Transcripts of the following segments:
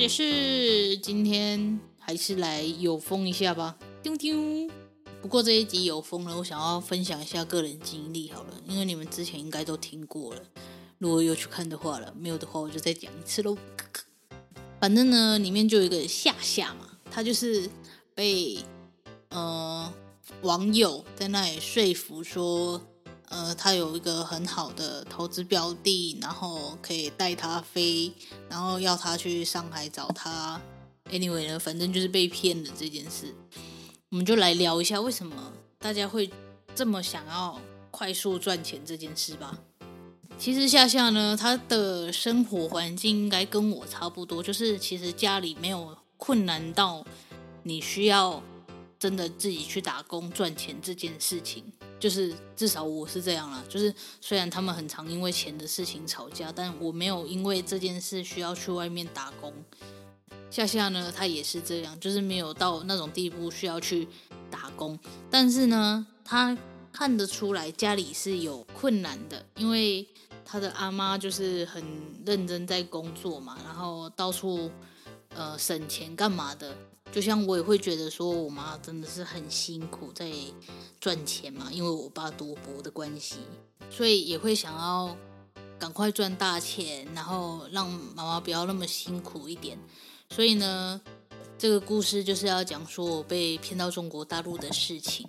也是，今天還是來有風一下吧。丟丟，不過這一集有風了，我想要分享一下個人經歷好了，因為你們之前應該都聽過了，如果有去看的話了，沒有的話我就再講一次嘍。咳咳。反正呢，裡面就有一個夏夏嘛，他就是被呃網友在那裡說服說。呃，他有一個很好的投資標的，然後可以帶他飛，然後要他去上海找他。Anyway 呢，反正就是被騙的這件事，我們就來聊一下為什麼大家會這麼想要快速賺錢這件事吧。其實夏夏呢，他的生活環境應該跟我差不多，就是其實家裡沒有困難到你需要。真的自己去打工賺錢這件事情，就是至少我是這樣啦。就是雖然他們很常因為錢的事情吵架，但我沒有因為這件事需要去外面打工。夏夏呢，他也是這樣，就是沒有到那種地步需要去打工。但是呢，他看得出來家裡是有困難的，因為他的阿媽就是很認真在工作嘛，然後到處呃省錢幹嘛的。就像我也會覺得說，我媽真的是很辛苦在賺錢嘛，因為我爸賭博的關係，所以也會想要趕快賺大錢，然後讓媽媽不要那麼辛苦一點。所以呢，這個故事就是要講說我被騙到中國大陸的事情。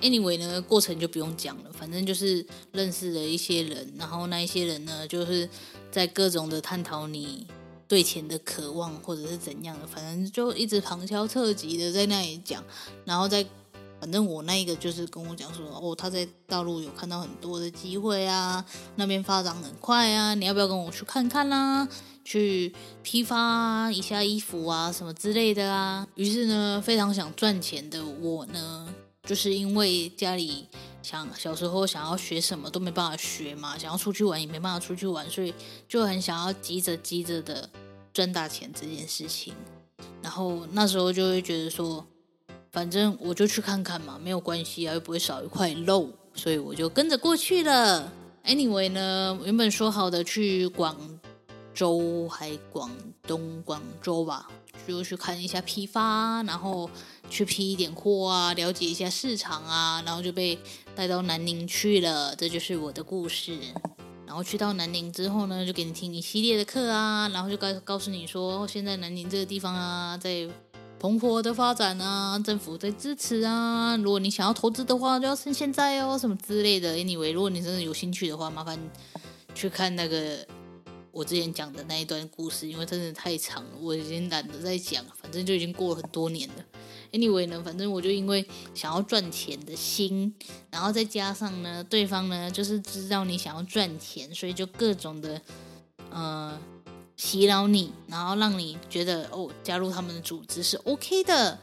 anyway 呢，過程就不用講了，反正就是認識了一些人，然後那一些人呢，就是在各種的探討你，對錢的渴望，或者是怎樣的，反正就一直旁敲側擊的在那裡講，然後在反正我那個就是跟我講說，哦，他在大陸有看到很多的機會啊，那邊發展很快啊，你要不要跟我去看看啦啊？去批發啊一下衣服啊，什麼之類的啊。於是呢，非常想賺錢的我呢，就是因為家裡。想小時候想要學什麼都沒辦法學嘛，想要出去玩也沒辦法出去玩，所以就很想要急着急着的賺大錢這件事情。然後那時候就會覺得說，反正我就去看看嘛，沒有關係啊，又不會少一塊肉，所以我就跟着過去了。Anyway 呢，原本說好的去廣州，還廣東、廣州吧，就去看一下批發，然後。去批一點貨啊，了解一下市場啊，然後就被帶到南寧去了。這就是我的故事。然後去到南寧之後呢，就給你聽一系列的課啊，然後就告告訴你說，現在南寧這個地方啊，在蓬勃的發展啊，政府在支持啊。如果你想要投資的話，就要趁現在哦，什麼之類的。Anyway，如果你真的有興趣的話，麻煩去看那個我之前講的那一段故事，因為真的太長了，我已經懶得再講，反正就已經過了很多年了。Anyway 呢，反正我就因為想要賺錢的心，然後再加上呢，對方呢就是知道你想要賺錢，所以就各種的呃洗腦你，然後讓你覺得哦加入他們的組織是 OK 的。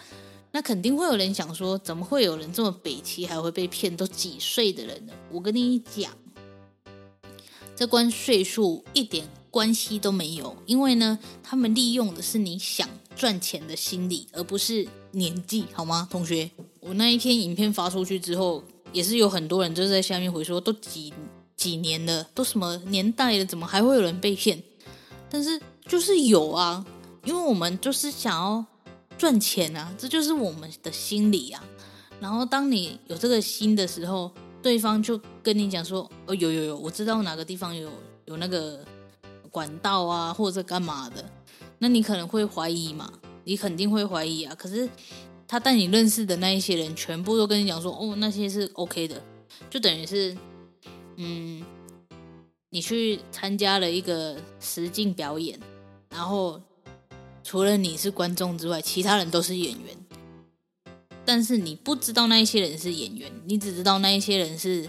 那肯定會有人想說，怎麼會有人這麼北七還會被騙？都幾歲的人了？我跟你講，這關歲數一點關係都沒有，因為呢，他們利用的是你想賺錢的心理，而不是年紀，好嗎，同學？我那一篇影片發出去之後，也是有很多人就在下面回說，都幾幾年了，都什麼年代了，怎麼還會有人被騙？但是就是有啊，因為我們就是想要賺錢啊，這就是我們的心理啊。然後當你有這個心的時候，對方就跟你講說，哦，有有有，我知道哪個地方有有那個管道啊，或者幹嘛的。那你可能會懷疑嘛？你肯定會懷疑啊。可是他帶你認識的那一些人，全部都跟你講說，哦，那些是 OK 的，就等於是，嗯，你去參加了一個實境表演，然後除了你是觀眾之外，其他人都是演員。但是你不知道那一些人是演員，你只知道那一些人是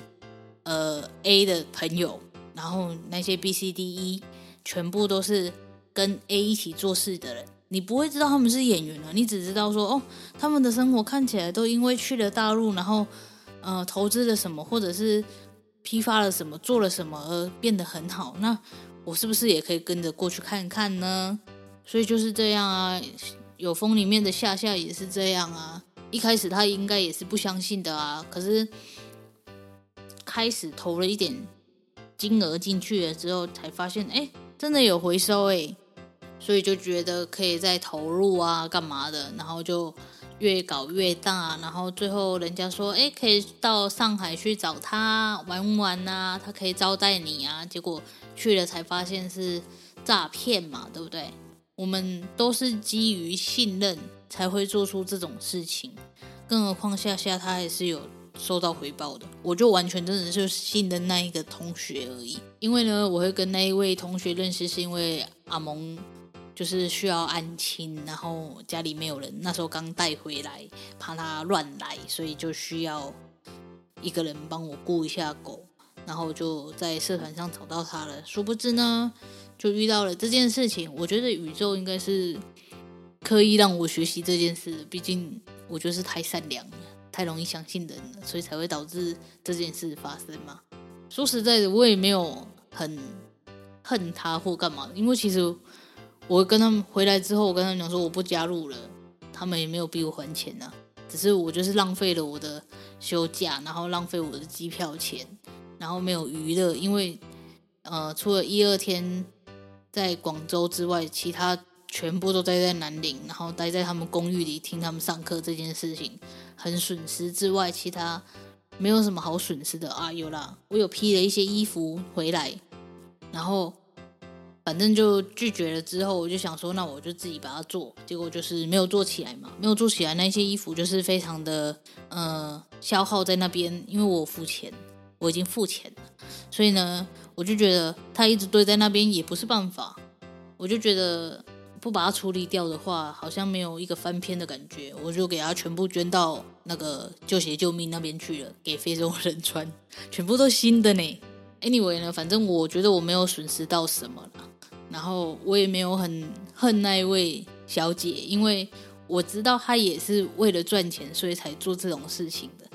呃 A 的朋友，然後那些 B、C、D、E 全部都是。跟 A 一起做事的人，你不會知道他們是演員啊。你只知道說，哦，他們的生活看起來都因為去了大陸，然後呃，投資了什麼，或者是批發了什麼，做了什麼而變得很好。那我是不是也可以跟着過去看看呢？所以就是這樣啊，有風裡面的夏夏也是這樣啊。一開始他應該也是不相信的啊，可是開始投了一點金額進去了之後，才發現哎，真的有回收哎。所以就覺得可以再投入啊，幹嘛的。然後就越搞越大，然後最後人家說，誒，可以到上海去找他玩玩啊，他可以招待你啊。結果去了才發現是詐騙嘛，對不對？我們都是基於信任才會做出這種事情，更何況夏夏他還是有收到回報的，我就完全真的是信任那一個同學而已。因為呢，我會跟那一位同學認識，是因為阿蒙。就是需要安親，然後家裡沒有人，那時候剛帶回來，怕它亂來，所以就需要一個人幫我顧一下狗，然後就在社團上找到他了。殊不知呢，就遇到了這件事情。我覺得宇宙應該是刻意讓我學習這件事，畢竟我就是太善良了，太容易相信人了，所以才會導致這件事發生嘛。說實在的，我也沒有很恨他或幹嘛，因為其實。我跟他們回來之後，我跟他們講說我不加入了，他們也沒有逼我還錢啊。只是我就是浪費了我的休假，然後浪費我的機票錢，然後沒有娛樂，因為呃，除了一二天在廣州之外，其他全部都待在南寧，然後待在他們公寓裡聽他們上課這件事情很損失之外，其他沒有什麼好損失的啊。有啦，我有批了一些衣服回來，然後。反正就拒絕了之後，我就想說，那我就自己把它做。結果就是沒有做起來嘛，沒有做起來，那些衣服就是非常的呃，消耗，在那邊。因為我付錢，我已經付錢了，所以呢，我就覺得它一直堆在那邊也不是辦法。我就覺得不把它處理掉的話，好像沒有一個翻篇的感覺。我就給它全部捐到那個舊鞋救命那邊去了，給非洲人穿，全部都新的呢。Anyway 呢，反正我覺得我沒有損失到什麼了。然後我也沒有很恨那一位小姐，因為我知道她也是為了賺錢，所以才做這種事情的。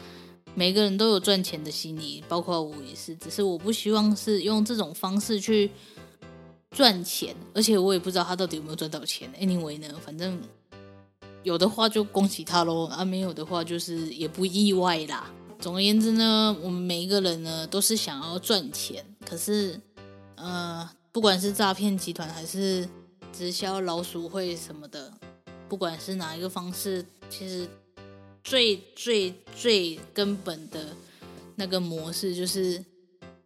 每個人都有賺錢的心理，包括我也是。只是我不希望是用這種方式去賺錢，而且我也不知道她到底有沒有賺到錢。Anyway 呢，反正有的話就恭喜她嘍，啊，沒有的話就是也不意外啦。總而言之呢，我們每一個人呢都是想要賺錢，可是，呃。不管是詐騙集團，還是直銷老鼠會什麼的，不管是哪一個方式，其實最最最根本的那個模式就是，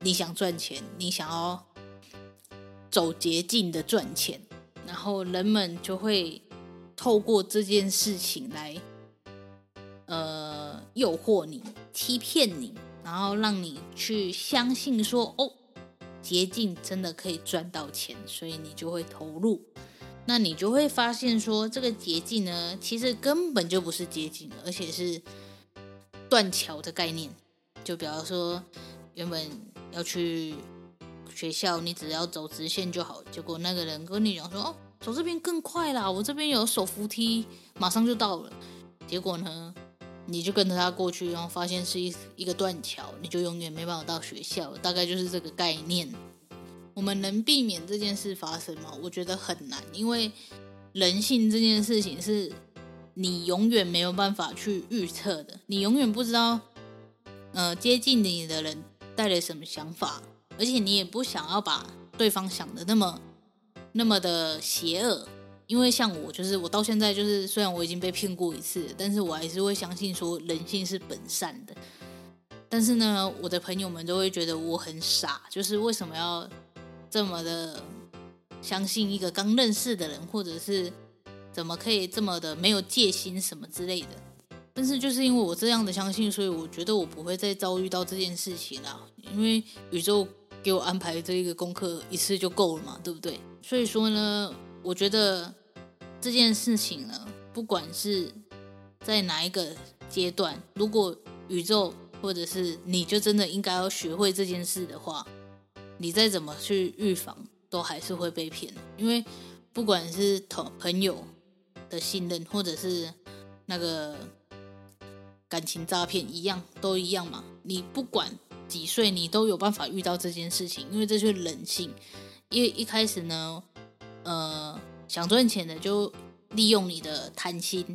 你想賺錢，你想要走捷徑的賺錢，然後人們就會透過這件事情來，呃，誘惑你，欺騙你，然後讓你去相信說，哦。捷徑真的可以賺到錢，所以你就會投入，那你就會發現說這個捷徑呢，其實根本就不是捷徑，而且是斷橋的概念。就比方說，原本要去學校，你只要走直線就好，結果那個人跟你講說，哦，走這邊更快啦，我這邊有手扶梯，馬上就到了。結果呢？你就跟着他過去，然後發現是一一個斷橋，你就永遠沒辦法到學校，大概就是這個概念。我們能避免這件事發生嗎？我覺得很難，因為人性這件事情是你永遠沒有辦法去預測的，你永遠不知道，呃，接近你的人帶來什麼想法，而且你也不想要把對方想得那麼那麼的邪惡。因為像我，就是我到現在就是，雖然我已經被騙過一次，但是我還是會相信說人性是本善的。但是呢，我的朋友們都會覺得我很傻，就是為什麼要這麼的相信一個剛認識的人，或者是怎麼可以這麼的沒有戒心什麼之類的。但是就是因為我這樣的相信，所以我覺得我不會再遭遇到這件事情了，因為宇宙給我安排這一個功課一次就夠了嘛，對不對？所以說呢。我覺得這件事情呢，不管是在哪一個階段，如果宇宙或者是你就真的應該要學會這件事的話，你再怎麼去預防，都還是會被騙。因為不管是同朋友的信任，或者是那個感情詐騙一樣，都一樣嘛。你不管幾歲，你都有辦法遇到這件事情，因為這是人性。因為一開始呢。呃，想賺錢的就利用你的貪心，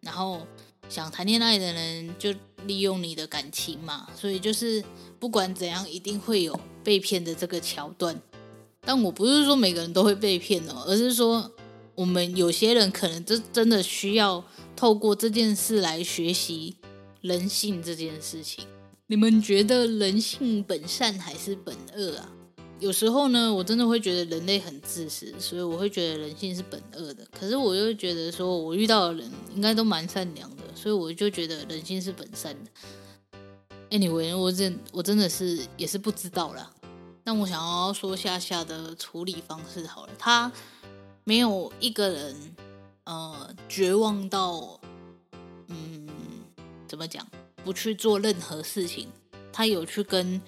然後想談戀愛的人就利用你的感情嘛。所以就是不管怎樣，一定會有被騙的這個橋段。但我不是說每個人都會被騙哦，而是說我們有些人可能就真的需要透過這件事來學習人性這件事情。你們覺得人性本善還是本惡啊？有時候呢，我真的會覺得人類很自私，所以我會覺得人性是本惡的。可是我又覺得說，說我遇到的人應該都蠻善良的，所以我就覺得人性是本善的。哎、Anyway，你問，我真我真的是也是不知道啦。但我想要說下下的處理方式好了，他沒有一個人呃絕望到嗯怎麼講，不去做任何事情，他有去跟。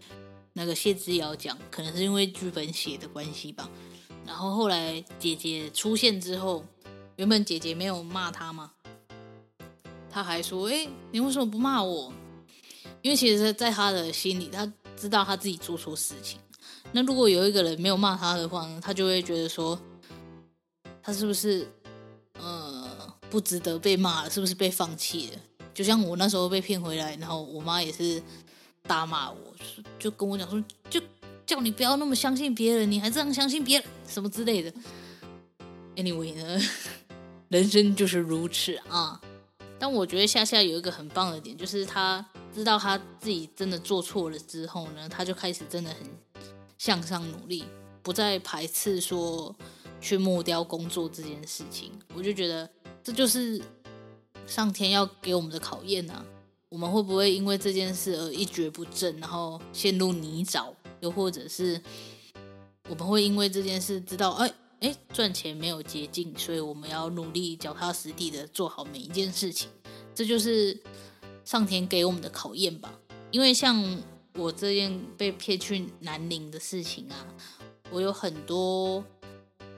那個謝之遙講，可能是因為劇本寫的關係吧。然後後來姐姐出現之後，原本姐姐沒有罵他嘛，他還說：“誒，你為什麼不罵我？”因為其實，在他的心裡，他知道他自己做錯事情。那如果有一個人沒有罵他的話呢，他就會覺得說，他是不是呃不值得被罵了？是不是被放棄了？就像我那時候被騙回來，然後我媽也是。大罵我，就跟我講說，就叫你不要那麼相信別人，你還這樣相信別人，什麼之類的。Anyway 呢，人生就是如此啊。但我覺得夏夏有一個很棒的點，就是他知道他自己真的做錯了之後呢，他就開始真的很向上努力，不再排斥說去木雕工作這件事情。我就覺得這就是上天要給我們的考驗呢、啊。我們會不會因為這件事而一蹶不振，然後陷入泥沼？又或者是我們會因為這件事知道，哎，哎，賺錢沒有捷徑，所以我們要努力、腳踏實地的做好每一件事情？這就是上天給我們的考驗吧。因為像我這件被騙去南寧的事情啊，我有很多。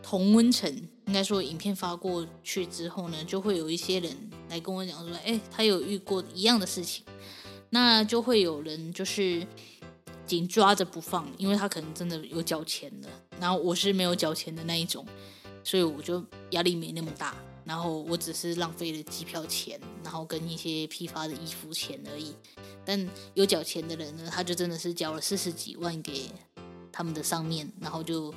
同溫層應該說，影片發過去之後呢，就會有一些人來跟我講說，哎、欸，他有遇過一樣的事情。那就會有人就是緊抓着不放，因為他可能真的有繳錢的。然後我是沒有繳錢的那一種，所以我就壓力沒那麼大。然後我只是浪費了機票錢，然後跟一些批發的衣服錢而已。但有繳錢的人呢，他就真的是交了四十幾萬給他們的上面，然後就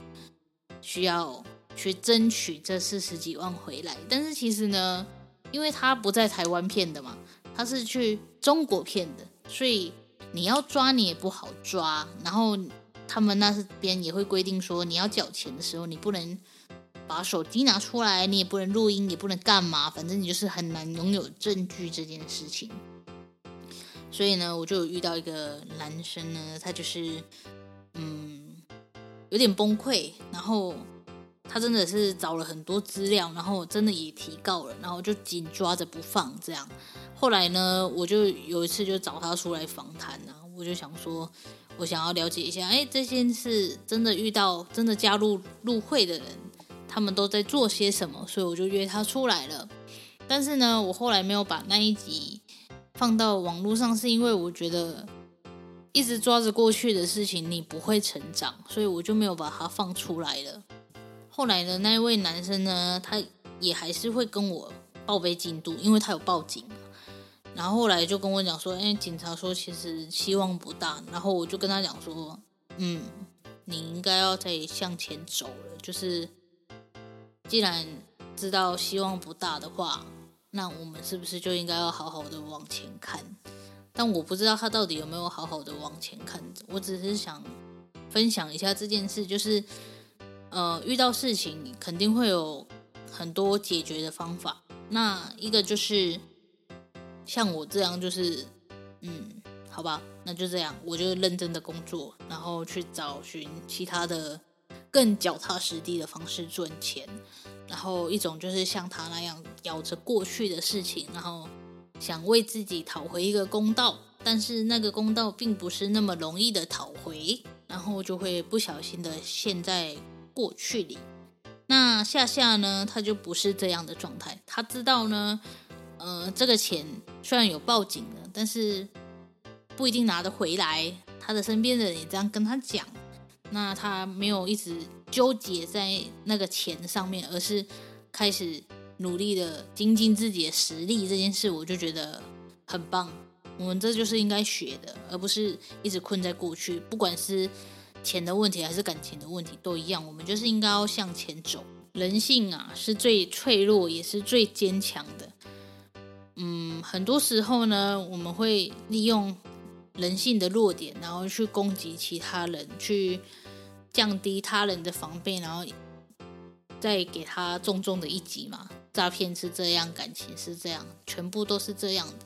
需要。去爭取這四十幾萬回來，但是其實呢，因為他不在台灣騙的嘛，他是去中國騙的，所以你要抓你也不好抓。然後他們那邊也會規定說，你要繳錢的時候，你不能把手機拿出來，你也不能錄音，也不能幹嘛，反正你就是很難擁有證據這件事情。所以呢，我就有遇到一個男生呢，他就是嗯，有點崩潰，然後。他真的是找了很多資料，然後真的也提告了，然後就緊抓着不放。這樣，後來呢，我就有一次就找他出來訪談啊，然後我就想說，我想要了解一下，哎、欸，這件事真的遇到真的加入入會的人，他們都在做些什麼，所以我就約他出來了。但是呢，我後來沒有把那一集放到網絡上，是因為我覺得一直抓着過去的事情，你不會成長，所以我就沒有把它放出來了。後來的那一位男生呢，他也還是會跟我報備進度，因為他有報警。然後後來就跟我講說：“哎，警察說其實希望不大。”然後我就跟他講說：“嗯，你應該要再向前走了。就是既然知道希望不大的話，那我們是不是就應該要好好的往前看？但我不知道他到底有沒有好好的往前看。我只是想分享一下這件事，就是。”呃，遇到事情肯定會有很多解決的方法。那一個就是像我這樣，就是嗯，好吧，那就這樣，我就認真的工作，然後去找尋其他的更腳踏實地的方式賺錢。然後一種就是像他那樣，咬着過去的事情，然後想為自己討回一個公道，但是那個公道並不是那麼容易的討回，然後就會不小心的陷在。過去裡，那夏夏呢？他就不是這樣的狀態。他知道呢，呃，這個錢雖然有報警了，但是不一定拿得回來。他的身邊的人也這樣跟他講，那他沒有一直糾結在那個錢上面，而是開始努力地精進自己的實力。這件事我就覺得很棒。我們這就是應該學的，而不是一直困在過去，不管是。錢的問題還是感情的問題都一樣，我們就是應該要向前走。人性啊，是最脆弱也是最堅強的。嗯，很多時候呢，我們會利用人性的弱點，然後去攻擊其他人，去降低他人的防備，然後再給他重重的一擊嘛。詐騙是這樣，感情是這樣，全部都是這樣的。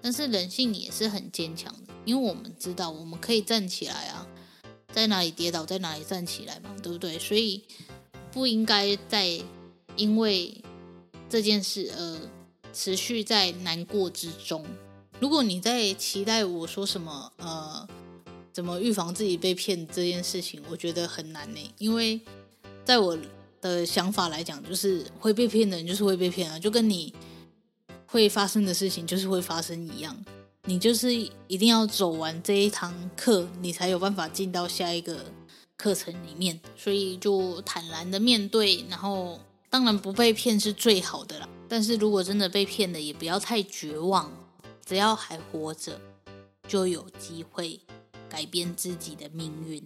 但是人性也是很堅強的，因為我們知道我們可以站起來啊。在哪裡跌倒，在哪裡站起來嘛，對不對？所以不應該再因為這件事而、呃、持續在難過之中。如果你在期待我說什麼，呃，怎麼預防自己被騙這件事情，我覺得很難呢，因為在我的想法來講，就是會被騙的人就是會被騙啊，就跟你會發生的事情就是會發生一樣。你就是一定要走完這一堂課，你才有辦法進到下一個課程裡面。所以就坦然的面對，然後當然不被騙是最好的啦。但是如果真的被騙了，也不要太絕望，只要還活着，就有機會改變自己的命運。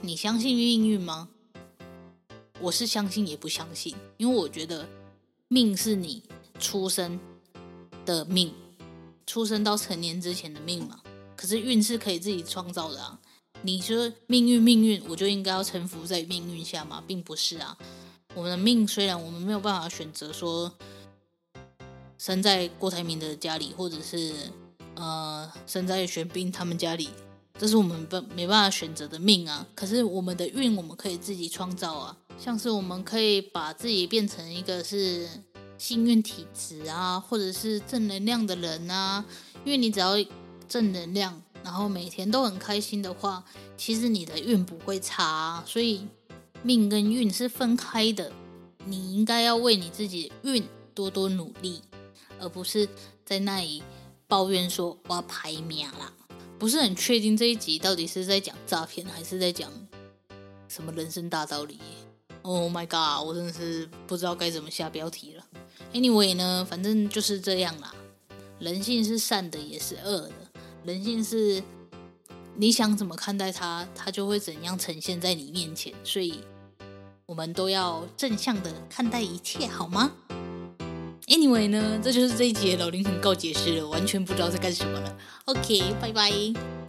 你相信命運嗎？我是相信也不相信，因為我覺得命是你出生的命。出生到成年之前的命嘛，可是運是可以自己創造的啊！你說命運命運，我就應該要臣服在命運下嗎？並不是啊！我們的命雖然我們沒有辦法選擇說生在郭台銘的家裡，或者是呃生在玄彬他們家裡，這是我們不沒辦法選擇的命啊。可是我們的運，我們可以自己創造啊，像是我們可以把自己變成一個是。幸運體質啊，或者是正能量的人啊，因為你只要正能量，然後每天都很開心的話，其實你的運不會差啊。所以命跟運是分開的，你應該要為你自己運多多努力，而不是在那裡抱怨說我要排名啦。不是很確定這一集到底是在講詐騙，還是在講什麼人生大道理？Oh my god！我真的是不知道該怎麼下標題了。Anyway 呢，反正就是這樣啦。人性是善的，也是惡的。人性是，你想怎麼看待它，它就會怎樣呈現在你面前。所以，我們都要正向的看待一切，好嗎？Anyway 呢，這就是這一集的老靈魂告解室了，完全不知道在幹什麼了。OK，拜拜。